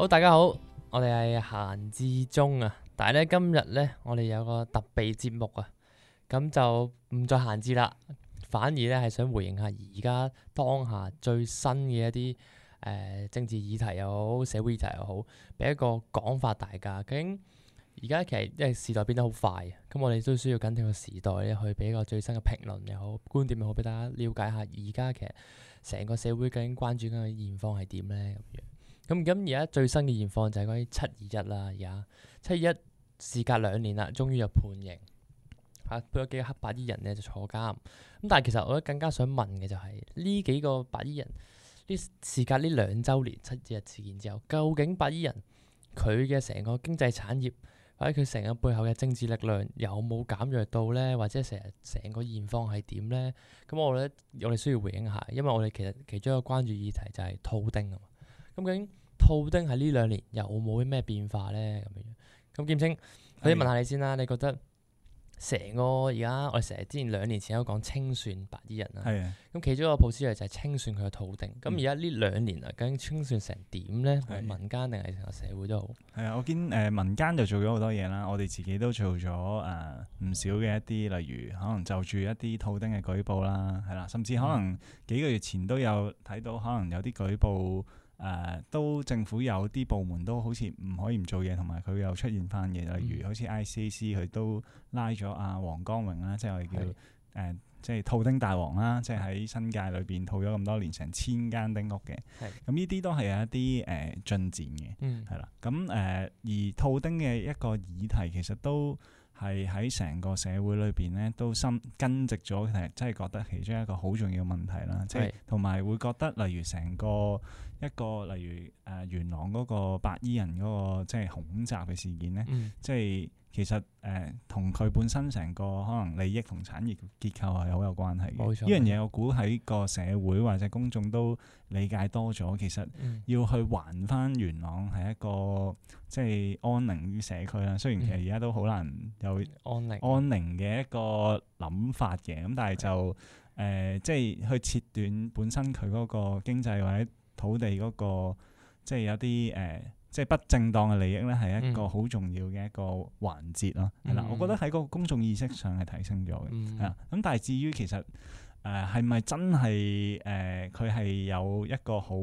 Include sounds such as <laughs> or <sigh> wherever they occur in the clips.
好，大家好，我哋係閒置中啊，但係咧今日咧我哋有個特別節目啊，咁就唔再閒置啦，反而咧係想回應下而家當下最新嘅一啲誒、呃、政治議題又好，社會議題又好，俾一個講法大家。究竟而家其實即係時代變得好快啊，咁我哋都需要緊貼個時代咧去俾個最新嘅評論又好，觀點又好俾大家了解下，而家其實成個社會究竟關注緊嘅現況係點咧咁樣呢？咁咁而家最新嘅現況就係關於七二一啦，而家七二一事隔兩年啦，終於入判刑，嚇、啊、嗰幾個黑白衣人咧就坐監。咁但係其實我咧更加想問嘅就係、是、呢幾個白衣人，呢事隔呢兩週年七二一事件之後，究竟白衣人佢嘅成個經濟產業，或者佢成個背後嘅政治力量有冇減弱到咧，或者成日成個現況係點咧？咁我覺得我哋需要回應下，因為我哋其實其中一個關注議題就係套丁啊嘛，咁究竟？套丁喺呢兩年又冇咩變化呢？咁樣，咁劍青，可以問下你先啦。是的 你覺得成個而家我哋成日之前兩年前都講清算白衣人啊，咁是的 其中一個措施就係清算佢嘅套丁。咁而家呢兩年啊，究竟清算成點咧？係是的 民間定係成個社會都好？係啊，我見誒民間就做咗好多嘢啦。我哋自己都做咗誒唔少嘅一啲，例如可能就住一啲套丁嘅舉報啦，係啦，甚至可能幾個月前都有睇到可能有啲舉報。誒、呃、都政府有啲部門都好似唔可以唔做嘢，同埋佢又出現翻嘢，例如好似 ICAC 佢都拉咗阿王光榮啦，即係叫誒是的、呃、即係套丁大王啦，即係喺新界裏邊套咗咁多年成千間丁屋嘅，咁呢啲都係有一啲誒、呃、進展嘅，係啦、嗯，咁、呃、誒而套丁嘅一個議題其實都。係喺成個社會裏邊咧，都深根植咗，其實真係覺得其中一個好重要嘅問題啦。是即係同埋會覺得，例如成個一個，例如誒、呃、元朗嗰個白衣人嗰、嗰個即係恐襲嘅事件咧，嗯、即係。其實誒同佢本身成個可能利益同產業結構係好有關係嘅。呢樣嘢我估喺個社會或者公眾都理解多咗。其實要去還返元朗係一個即係、就是、安寧於社區啦。雖然其實而家都好難有安寧安寧嘅一個諗法嘅。咁但係就誒即係去切斷本身佢嗰個經濟或者土地嗰、那個即係、就是、有啲誒。呃即係不正當嘅利益咧，係一個好重要嘅一個環節咯，係啦、嗯。我覺得喺個公眾意識上係提升咗嘅，係咁、嗯、但係至於其實誒係咪真係誒佢係有一個好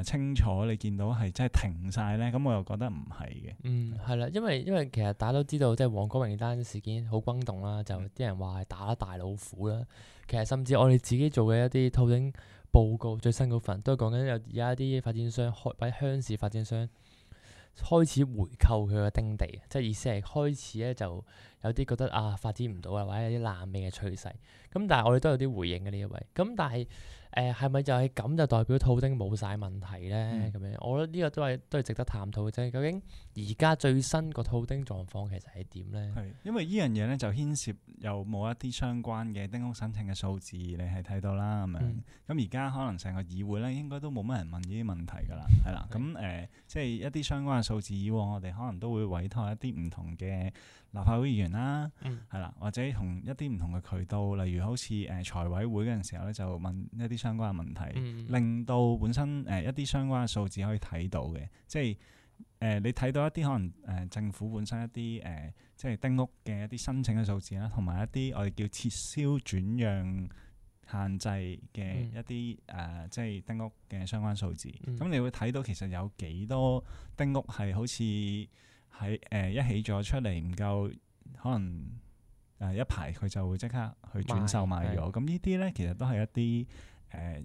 誒清楚你見到係真係停晒咧？咁我又覺得唔係嘅。嗯，係啦的，因為因為其實大家都知道，即係王光榮單事件好轟動啦，就啲人話係打大老虎啦。其實甚至我哋自己做嘅一啲套丁。報告最新嗰份都係講緊有而家啲發展商開或者鄉事發展商開始回購佢個丁地，即係意思係開始咧就有啲覺得啊發展唔到啊或者有啲爛尾嘅趨勢，咁但係我哋都有啲回應嘅呢一位，咁但係。誒係咪就係咁就代表套丁冇晒問題呢？咁樣，我覺得呢個都係都係值得探討嘅啫。究竟而家最新個套丁狀況其實係點呢？係因為呢樣嘢呢，就牽涉有冇一啲相關嘅丁屋申請嘅數字，你係睇到啦咁樣。咁而家可能成個議會呢，應該都冇乜人問呢啲問題噶啦，係啦。咁、呃、誒，即、就、係、是、一啲相關嘅數字，以往我哋可能都會委託一啲唔同嘅。立法會議員啦，係啦、嗯，或者同一啲唔同嘅渠道，例如好似誒、呃、財委會嗰陣時候咧，就問一啲相關嘅問題，嗯、令到本身誒、呃、一啲相關嘅數字可以睇到嘅，即係誒、呃、你睇到一啲可能誒政府本身一啲誒、呃、即係丁屋嘅一啲申請嘅數字啦，同埋一啲我哋叫撤銷轉讓限制嘅一啲誒、嗯呃、即係丁屋嘅相關數字，咁、嗯、你會睇到其實有幾多丁屋係好似。喺誒、呃、一起咗出嚟，唔夠可能誒、呃、一排佢就會即刻去轉售賣咗，咁呢啲咧其實都係一啲誒、呃、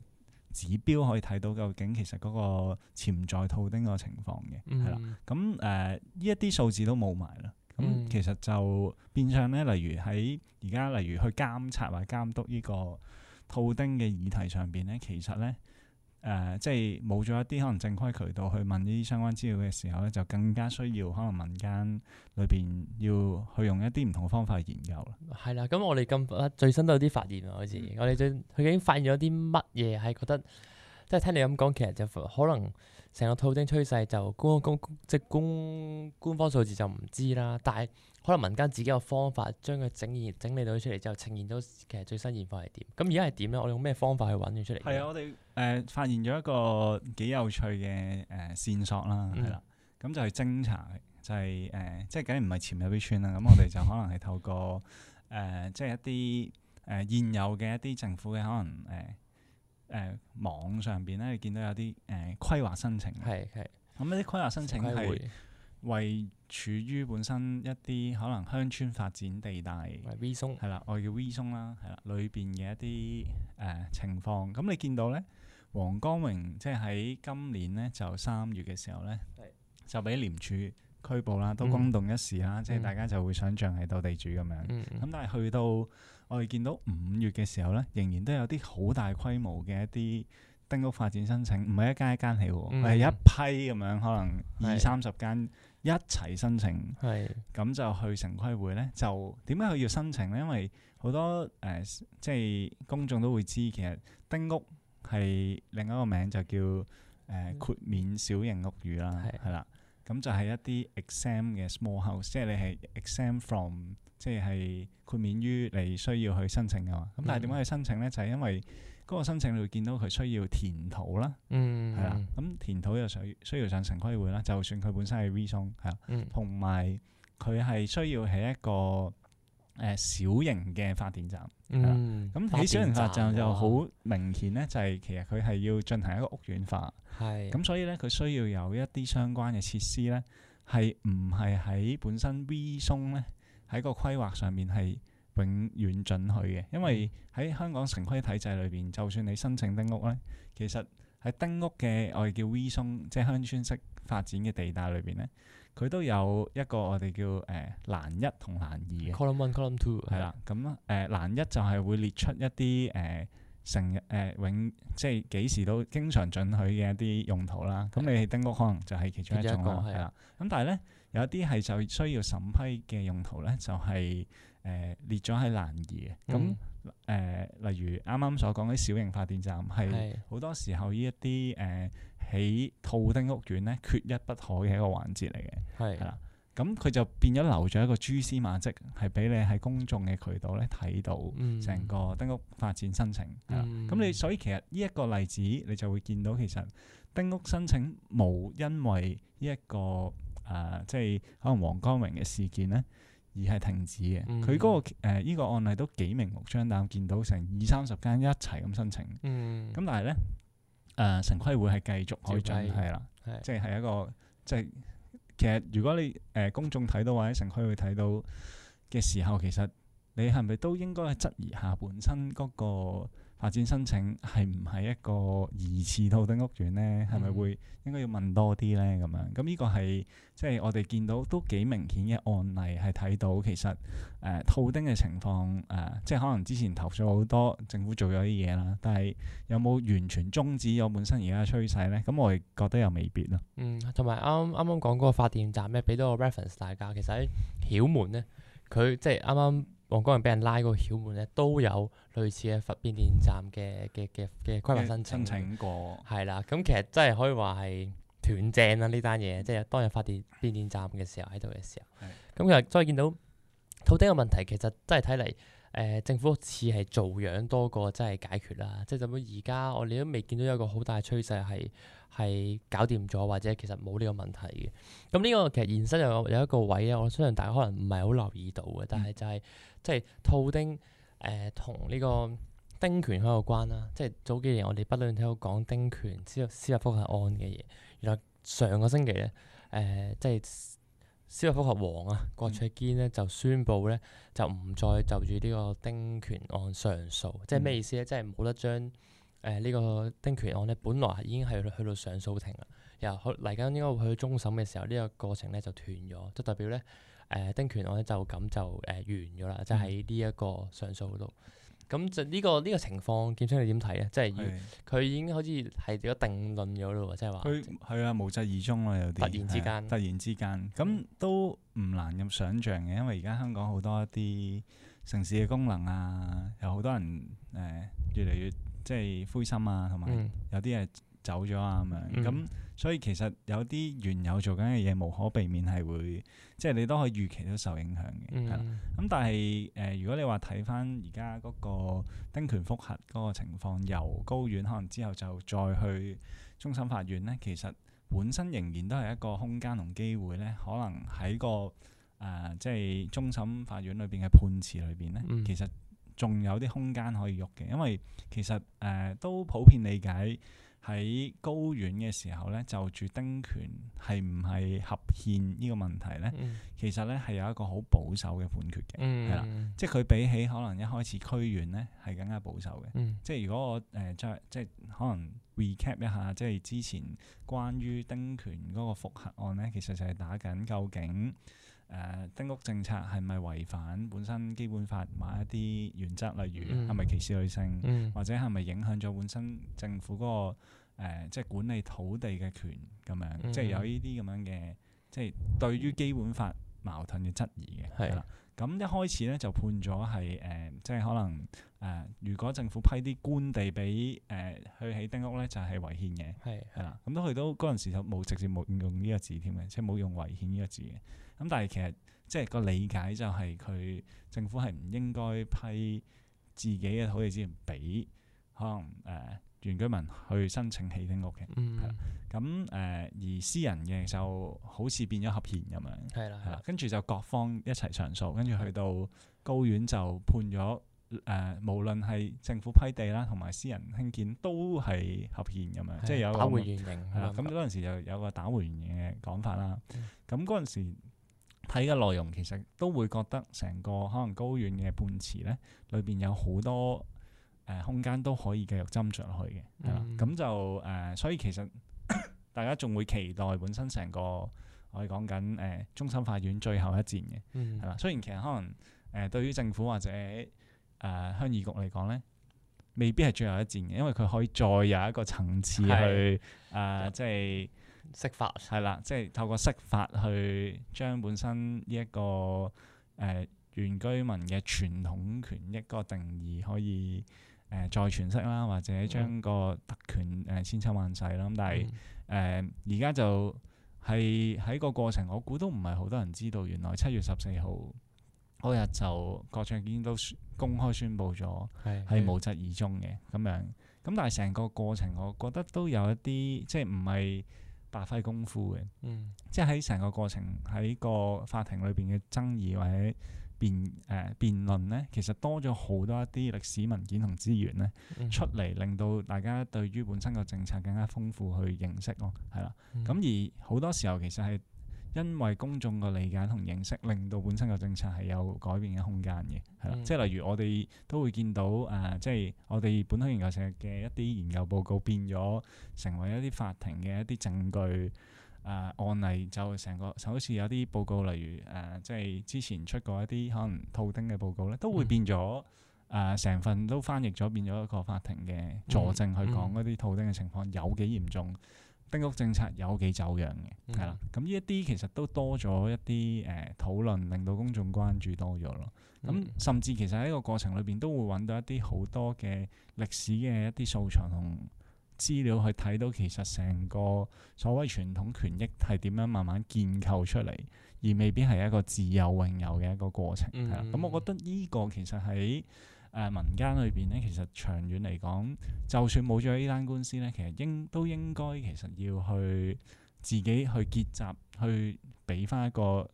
指標可以睇到究竟其實嗰個潛在套丁個情況嘅，係啦、嗯。咁誒呢一啲數字都冇埋啦，咁其實就變相咧，例如喺而家例如去監察或監督呢個套丁嘅議題上邊咧，其實咧。誒、呃，即係冇咗一啲可能正規渠道去問呢啲相關資料嘅時候咧，就更加需要可能民間裏邊要去用一啲唔同嘅方法去研究啦。係啦，咁我哋咁最新都有啲發現喎，好似、嗯、我哋最佢已經發現咗啲乜嘢係覺得。即係聽你咁講，其實就可能成個套丁趨勢就官，官，官即官官方數字就唔知啦，但係可能民間自己個方法將佢整理整理到出嚟之後呈現到其實最新現況係點。咁而家係點咧？我哋用咩方法去搵佢出嚟？係啊，我哋誒、呃、發現咗一個幾有趣嘅誒、呃、線索啦，係啦。咁、嗯、就去偵查，就係、是、誒、呃，即係梗係唔係潛入去村啦。咁 <laughs> 我哋就可能係透過誒、呃，即係一啲誒、呃、現有嘅一啲政府嘅可能誒。呃誒、呃、網上邊咧，你見到有啲誒、呃、規劃申請，係係是。咁呢啲規劃申請係為處於本身一啲可能鄉村發展地帶，係啦、呃，我叫 Wee V 松啦，係啦，裏邊嘅一啲誒、呃、情況。咁你見到咧，王光榮即係喺今年咧就三月嘅時候咧，的就俾廉署拘捕啦，都轟動一時啦，嗯、即係大家就會想象係鬥地主咁樣。咁、嗯、但係去到我哋見到五月嘅時候咧，仍然都有啲好大規模嘅一啲丁屋發展申請，唔係一間一間起、哦，係、嗯、一批咁樣，可能二三十間一齊申請。係咁、嗯、就去城規會咧，就點解佢要申請咧？因為好多誒、呃，即係公眾都會知，其實丁屋係另一個名就叫誒、呃、豁免小型屋宇啦，係啦、嗯。咁就係一啲 exempt 嘅 small house，即係你係 exempt from，即係豁免於你需要去申請嘅嘛。咁但係點解要申請咧？就係、是、因為嗰個申請你會見到佢需要填土啦，嗯，係啦。咁填土又需需要上城規會啦。就算佢本身係 reson，係啦，同埋佢係需要喺一個。誒、呃、小型嘅發電站，咁喺小型發電站就好明顯咧，嗯、就係其實佢係要進行一個屋苑化，咁、嗯嗯、所以咧佢需要有一啲相關嘅設施咧，係唔係喺本身 V 松咧喺個規劃上面係永遠準許嘅，因為喺香港城規體制裏邊，就算你申請丁屋咧，其實喺丁屋嘅我哋叫 V 松，即、就、係、是、鄉村式發展嘅地帶裏邊咧。佢都有一個我哋叫誒欄、呃、一同欄二啊。Column one, column two、嗯。係啦，咁誒欄一就係會列出一啲誒成日誒永即係幾時都經常准許嘅一啲用途啦。咁你哋丁屋可能就係其中一種咯。係啦、嗯。咁但係咧，有一啲係就需要審批嘅用途咧，就係誒列咗喺欄二嘅。咁誒例如啱啱所講啲小型發電站係好多時候呢一啲誒。呃喺套丁屋苑咧，缺一不可嘅一個環節嚟嘅。係啦的，咁佢、嗯、就變咗留咗一個蛛絲馬跡，係俾你喺公眾嘅渠道咧睇到成個丁屋發展申請啊。咁、嗯、你所以其實呢一個例子，你就會見到其實丁屋申請冇因為呢一個誒、呃，即係可能王光榮嘅事件咧，而係停止嘅。佢嗰、嗯那個呢、呃這個案例都幾明目張膽，見到成二三十間一齊咁申請。嗯，咁、嗯、但係咧。誒、呃、城規會係繼續推進係啦，即係係一個即係、就是、其實如果你誒、呃、公眾睇到或者城規會睇到嘅時候，其實你係咪都應該係質疑下本身嗰、那個？發展申請係唔係一個疑似套丁屋苑咧？係咪會應該要問多啲咧？咁樣咁呢、嗯、個係即係我哋見到都幾明顯嘅案例，係睇到其實誒、呃、套丁嘅情況誒、呃，即係可能之前投訴好多，政府做咗啲嘢啦，但係有冇完全終止咗本身而家嘅趨勢咧？咁我哋覺得又未必咯。嗯，同埋啱啱啱啱講嗰個發電站咧，俾咗個 reference 大家。其實喺曉門咧，佢即係啱啱。黃江人俾人拉個曉門咧，都有類似嘅發變電站嘅嘅嘅嘅規劃申請，申請過係啦。咁其實真係可以話係斷正啦呢單嘢，即係當日發電變電站嘅時候喺度嘅時候。咁係嘅其實再見到土地嘅問題，其實真係睇嚟。誒、呃、政府似係做樣多過真係解決啦，即係就樣而家我哋都未見到有個好大趨勢係係搞掂咗，或者其實冇呢個問題嘅。咁呢個其實現實又有有一個位咧，我相信大家可能唔係好留意到嘅，但係就係、是、即係套丁誒同呢個丁權有關啦。即係早幾年我哋不斷聽到講丁權、司法覆核案嘅嘢，原來上個星期咧誒、呃、即係。司法覆核王啊，郭卓堅咧、嗯、就宣布咧就唔再就住呢個丁權案上訴，嗯、即係咩意思咧？即係冇得將誒呢個丁權案咧，本來已經係去到上訴庭啦，然後嚟緊應該會去到終審嘅時候，呢個過程咧就斷咗，即代表咧誒、呃、丁權案咧就咁就誒完咗啦，即係喺呢一個上訴度。咁就呢、呢個呢、呢個情況，劍青你點睇咧？即係要佢已經好似係有定論咗咯喎，即係話。佢係啊，無疾而終啦，有啲。突然之間。突然之間，咁都唔難咁想象嘅，因為而家香港好多一啲城市嘅功能啊，有好多人誒、呃、越嚟越即係灰心啊，同埋有啲係。嗯走咗啊！咁樣咁，所以其實有啲原有做緊嘅嘢，無可避免係會，即係你都可以預期都受影響嘅。咁、嗯、但係，誒、呃、如果你話睇返而家嗰個丁權覆核嗰個情況，由高院可能之後就再去終審法院咧，其實本身仍然都係一個空間同機會咧，可能喺個誒即係終審法院裏邊嘅判詞裏邊咧，嗯、其實仲有啲空間可以喐嘅，因為其實誒、呃、都普遍理解。喺高院嘅時候咧，就住丁權係唔係合憲呢個問題咧？嗯、其實咧係有一個好保守嘅判決嘅，係啦、嗯，即係佢比起可能一開始區院咧係更加保守嘅。嗯、即係如果我誒再、呃、即係可能 recap 一下，即係之前關於丁權嗰個覆核案咧，其實就係打緊究竟。誒丁屋政策係咪違反本身基本法某一啲原則？例如係咪歧視女性，或者係咪影響咗本身政府嗰個誒即係管理土地嘅權咁樣？即係有呢啲咁樣嘅即係對於基本法矛盾嘅質疑嘅。係啦，咁一開始咧就判咗係誒，即係可能誒，如果政府批啲官地俾誒去起丁屋咧，就係違憲嘅。係係啦，咁都去到嗰陣時就冇直接冇用呢個字添嘅，即係冇用違憲呢個字嘅。咁但係其實即係個理解就係佢政府係唔應該批自己嘅土地資源俾可能誒、呃、原居民去申請起丁屋嘅，咁誒、嗯嗯、而私人嘅就好似變咗合憲咁樣，係啦，跟住就各方一齊上訴，跟住去到高院就判咗誒、呃、無論係政府批地啦，同埋私人興建，建都係合憲咁樣，的即係有個打回原形，係啦的，咁嗰陣時就有個打回原形嘅講法啦，咁嗰陣時。睇嘅內容其實都會覺得成個可能高院嘅判詞咧，裏邊有好多誒空間都可以繼續斟酌落去嘅。係嘛？咁、嗯、就誒、呃，所以其實大家仲會期待本身成個我哋講緊誒終審法院最後一戰嘅，係嘛、嗯？雖然其實可能誒、呃、對於政府或者誒、呃、鄉議局嚟講咧，未必係最後一戰嘅，因為佢可以再有一個層次去誒，即係的。呃，即係釋法係啦，即係透過釋法去將本身呢、這、一個誒、呃、原居民嘅傳統權益個定義可以誒、呃、再詮釋啦，或者將個特權誒、呃、千秋萬世啦。咁但係誒而家就係喺個過程，我估都唔係好多人知道，原來七月十四號嗰日就郭長堅都公開宣布咗係無疾而終嘅咁、嗯、樣。咁但係成個過程，我覺得都有一啲即係唔係。就是發揮功夫嘅，嗯、即係喺成個過程喺個法庭裏邊嘅爭議或者辯誒、呃、辯論咧，其實多咗好多一啲歷史文件同資源咧、嗯、出嚟，令到大家對於本身個政策更加豐富去認識咯、哦，係啦。咁、嗯、而好多時候其實係。因為公眾嘅理解同認識，令到本身嘅政策係有改變嘅空間嘅，係啦。嗯、即係例如我哋都會見到誒，即、呃、係、就是、我哋本土研究社嘅一啲研究報告變咗成為一啲法庭嘅一啲證據誒、呃、案例就，就成個好似有啲報告，例如誒、呃，即係之前出過一啲可能套丁嘅報告咧，都會變咗誒，成、嗯呃、份都翻譯咗變咗一個法庭嘅佐證去講嗰啲套丁嘅情況有幾嚴重。房屋政，政策有幾走樣嘅，係啦、嗯，咁呢一啲其實都多咗一啲誒、呃、討論，令到公眾關注多咗咯。咁、嗯、甚至其實喺個過程裏邊，都會揾到一啲好多嘅歷史嘅一啲素材同資料，去睇到其實成個所謂傳統權益係點樣慢慢建構出嚟，而未必係一個自有永有嘅一個過程。咁、嗯、我覺得呢個其實喺誒、呃、民間裏邊咧，其實長遠嚟講，就算冇咗呢單官司咧，其實應都應該其實要去自己去結集，去俾翻一個誒、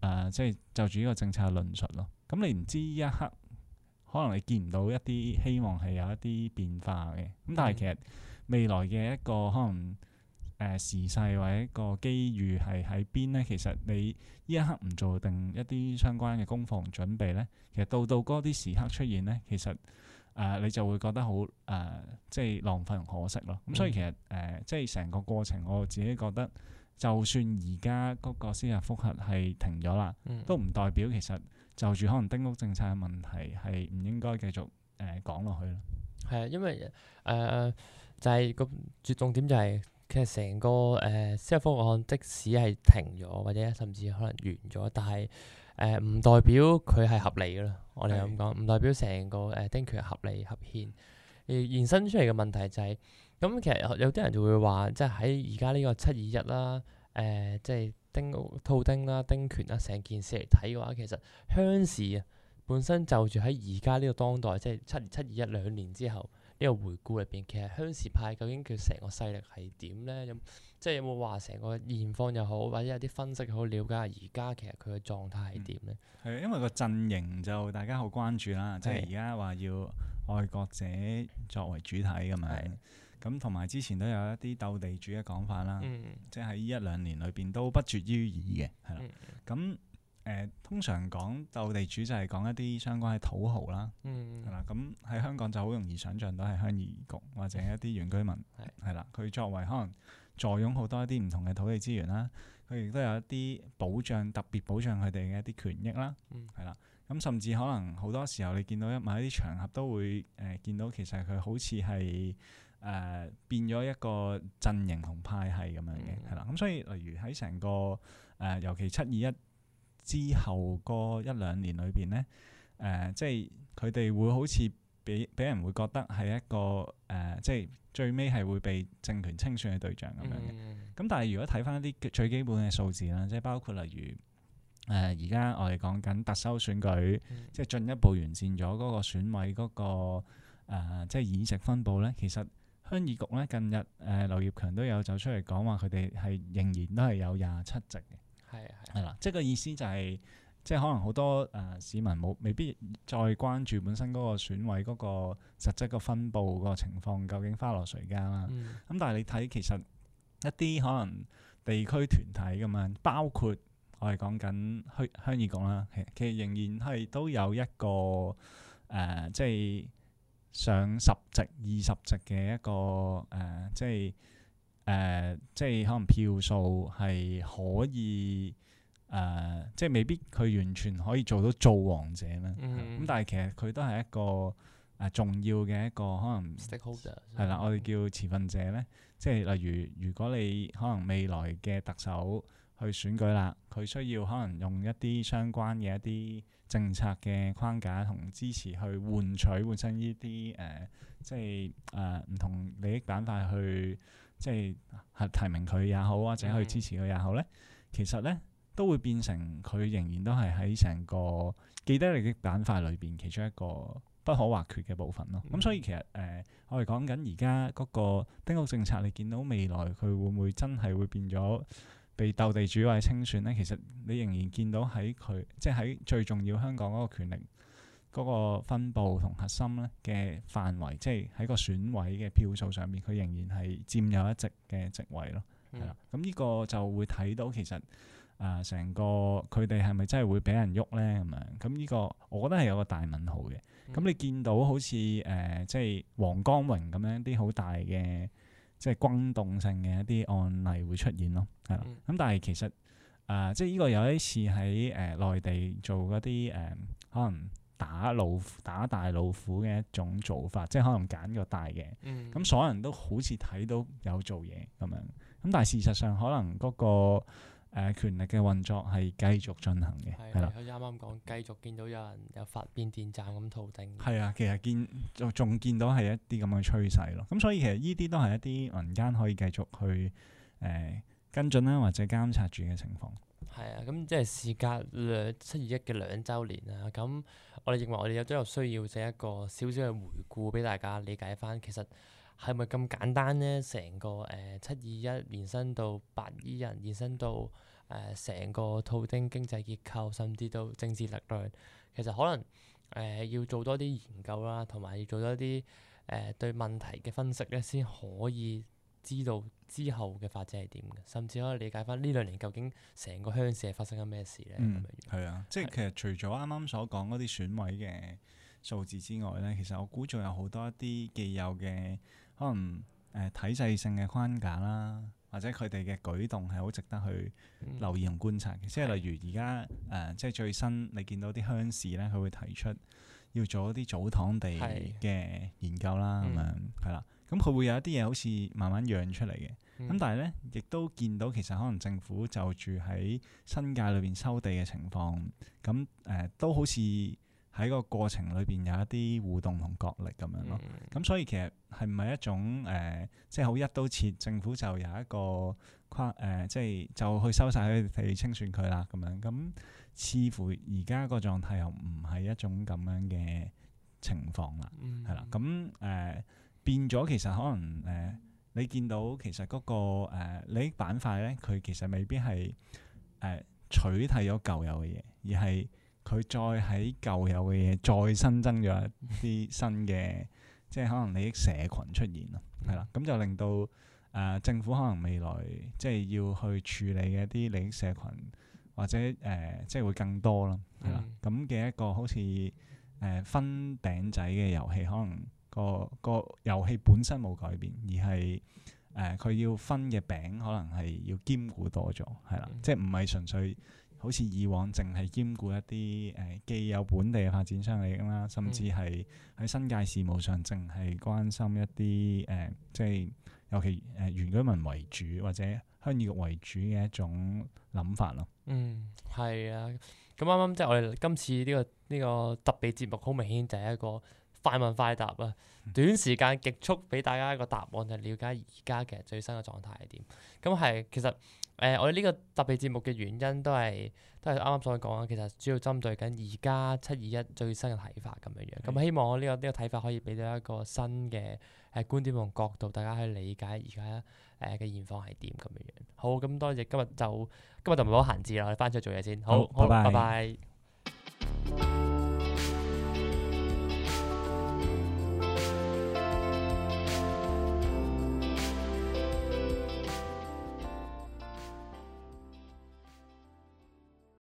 呃，即係就住呢個政策嘅論述咯。咁、嗯、你唔知呢一刻，可能你見唔到一啲希望係有一啲變化嘅。咁但係其實未來嘅一個可能。誒、呃、時勢或者一個機遇係喺邊咧？其實你呢一刻唔做定一啲相關嘅攻防準備咧，其實到到嗰啲時刻出現咧，其實誒、呃、你就會覺得好誒、呃，即係浪費同可惜咯。咁、啊、所以其實誒、呃，即係成個過程，我自己覺得，就算而家嗰個司法覆核係停咗啦，嗯、都唔代表其實就住可能丁屋政策嘅問題係唔應該繼續誒、呃、講落去咯。係啊，因為誒、呃、就係、是、個最重點就係、是。其實成個誒、司法覆核案，即使係停咗或者甚至可能完咗，但係誒、唔代表佢係合理嘅咯。我哋咁講，唔是的 代表成個誒、呃、丁權合理合憲。而、呃、延伸出嚟嘅問題就係、是，咁其實有啲人就會話，即係喺而家呢個七二一啦，誒，即係丁屋、套丁啦、丁權啦，成件事嚟睇嘅話，其實鄉事啊，本身就住喺而家呢個當代，即係七七二一兩年之後。呢個回顧裏邊，其實鄉事派究竟佢成個勢力係點咧？咁即係有冇話成個現況又好，或者有啲分析好了解下而家其實佢嘅狀態係點咧？係啊、嗯，因為個陣營就大家好關注啦，即係而家話要愛國者作為主體咁啊，咁同埋之前都有一啲鬥地主嘅講法啦，嗯、即係喺呢一兩年裏邊都不絕於耳嘅，係啦，咁、嗯。嗯誒、呃，通常講鬥地主就係講一啲相關嘅土豪啦，係、嗯、啦，咁喺香港就好容易想象到係鄉議局或者一啲原居民係，係是啦，佢作為可能坐擁好多一啲唔同嘅土地資源啦，佢亦都有一啲保障，特別保障佢哋嘅一啲權益啦，係、嗯、啦，咁甚至可能好多時候你見到某一某啲場合都會誒、呃、見到，其實佢好似係誒變咗一個陣營同派系咁樣嘅，係、嗯、啦，咁所以例如喺成個誒、呃，尤其七二一。之後嗰一兩年裏邊呢，誒、呃，即係佢哋會好似俾俾人會覺得係一個誒、呃，即係最尾係會被政權清算嘅對象咁樣嘅。咁、嗯嗯、但係如果睇翻啲最基本嘅數字啦，即係包括例如誒，而、呃、家我哋講緊特首選舉，嗯、即係進一步完善咗嗰個選委嗰、那個、呃、即係議席分佈咧。其實鄉議局咧，近日誒、呃、劉業強都有走出嚟講話，佢哋係仍然都係有廿七席嘅。係係啦，即係個意思就係、是，即係可能好多誒、呃、市民冇未必再關注本身嗰個選委嗰個實質個分佈個情況，究竟花落誰家啦。咁、嗯、但係你睇其實一啲可能地區團體咁樣，包括我哋講緊鄉鄉議局啦，其實仍然係都有一個誒、呃，即係上十席、二十席嘅一個誒、呃，即係。誒、呃，即係可能票數係可以誒、呃，即係未必佢完全可以做到造王者啦。咁、mm hmm. 嗯、但係其實佢都係一個誒、呃、重要嘅一個可能，係啦 Stakeholder 係啦，我哋叫持份者咧。即係例如，如果你可能未來嘅特首去選舉啦，佢需要可能用一啲相關嘅一啲政策嘅框架同支持去換取換身呢啲誒，即係誒唔同利益板塊去。即係提名佢也好，或者去支持佢也好咧，對其實咧都會變成佢仍然都係喺成個既得利益嘅板塊裏邊其中一個不可或缺嘅部分咯。咁、嗯、所以其實誒、呃，我哋講緊而家嗰個丁屋政策，你見到未來佢會唔會真係會變咗被鬥地主或者清算咧？其實你仍然見到喺佢，即係喺最重要香港嗰個權力。嗰個分佈同核心咧嘅範圍，即係喺個選委嘅票數上面，佢仍然係佔有一席嘅席位咯。係啦、嗯啊，咁呢個就會睇到其實啊，成、呃、個佢哋係咪真係會俾人喐咧？咁樣咁呢個，我覺得係有個大問號嘅。咁、嗯、你見到好似誒、呃，即係王光榮咁樣啲好大嘅，即、就、係、是、轟動性嘅一啲案例會出現咯。係啦、啊，咁、嗯嗯、但係其實啊、呃，即係呢個有一次喺誒、呃、內地做嗰啲誒可能。打老虎、打大老虎嘅一種做法，即係可能揀個大嘅。咁、嗯、所有人都好似睇到有做嘢咁樣，咁但係事實上可能嗰、那個誒、呃、權力嘅運作係繼續進行嘅。係啦的，好似啱啱講繼續見到有人有發變電站咁套丁。係啊，其實見仲仲見到係一啲咁嘅趨勢咯。咁所以其實呢啲都係一啲民間可以繼續去誒、呃、跟進啦，或者監察住嘅情況。係啊，咁即係事隔兩七二一嘅兩周年啊。咁我哋認為我哋有都有需要整一個少少嘅回顧俾大家理解翻，其實係咪咁簡單咧？成個誒七二一延伸到白衣人，延伸到誒成、呃、個套丁經濟結構，甚至到政治力量，其實可能誒、呃、要做多啲研究啦，同埋要做多啲誒、呃、對問題嘅分析咧，先可以。知道之後嘅發展係點嘅，甚至可以理解翻呢兩年究竟成個鄉事係發生緊咩事咧？嗯，係、就是嗯、啊，即係其實除咗啱啱所講嗰啲選委嘅數字之外咧，其實我估仲有好多一啲既有嘅可能誒、呃、體制性嘅框架啦，或者佢哋嘅舉動係好值得去留意同觀察嘅。即係例如而家誒，即係最新你見到啲鄉事咧，佢會提出要做一啲祖堂地嘅研究啦，咁樣係啦。咁佢會有一啲嘢好似慢慢讓出嚟嘅，咁、嗯、但係咧，亦都見到其實可能政府就住喺新界裏邊收地嘅情況，咁誒、呃、都好似喺個過程裏邊有一啲互動同角力咁樣咯。咁、嗯嗯、所以其實係唔係一種誒，即係好一刀切，政府就有一個誒，即、呃、係、就是、就去收晒佢哋清算佢啦咁樣。咁、嗯、似乎而家個狀態又唔係一種咁樣嘅情況、嗯、啦，係、嗯、啦，咁、嗯、誒。變咗其實可能誒、呃，你見到其實嗰、那個、呃、利益板塊咧，佢其實未必係誒、呃、取締咗舊有嘅嘢，而係佢再喺舊有嘅嘢再新增咗一啲新嘅， <laughs> 即係可能利益社群出現咯，係啦，咁、嗯嗯嗯、就令到誒、呃、政府可能未來即係要去處理嘅一啲利益社群或者誒、呃、即係會更多啦，係啦，咁、嗯、嘅、嗯、一個好似誒、呃、分餅仔嘅遊戲、嗯、可能。個個遊戲本身冇改變，而係誒佢要分嘅餅可能係要兼顧多咗，係啦，嗯、即係唔係純粹好似以往淨係兼顧一啲誒、呃、既有本地嘅發展商嚟咁啦，甚至係喺新界事務上淨係關心一啲誒、呃，即係尤其誒原居民為主或者鄉議局為主嘅一種諗法咯。嗯，係啊，咁啱啱即係我哋今次呢個呢個特別節目，好明顯就係一個。快問快答啊！短時間極速俾大家一個答案，就係、了解而家其實最新嘅狀態係點。咁係其實誒，我哋呢個特別節目嘅原因都係都係啱啱所講啊。其實主要針對緊而家七二一最新嘅睇法咁樣樣。咁的希望我、呢個、呢個呢、呢個睇法可以俾到一個新嘅誒觀點同角度，大家去理解而家誒嘅現況係點咁樣樣。好，咁多謝，謝今日就今日就唔好閒置啦，我哋翻出去做嘢先。好，好拜拜。拜拜。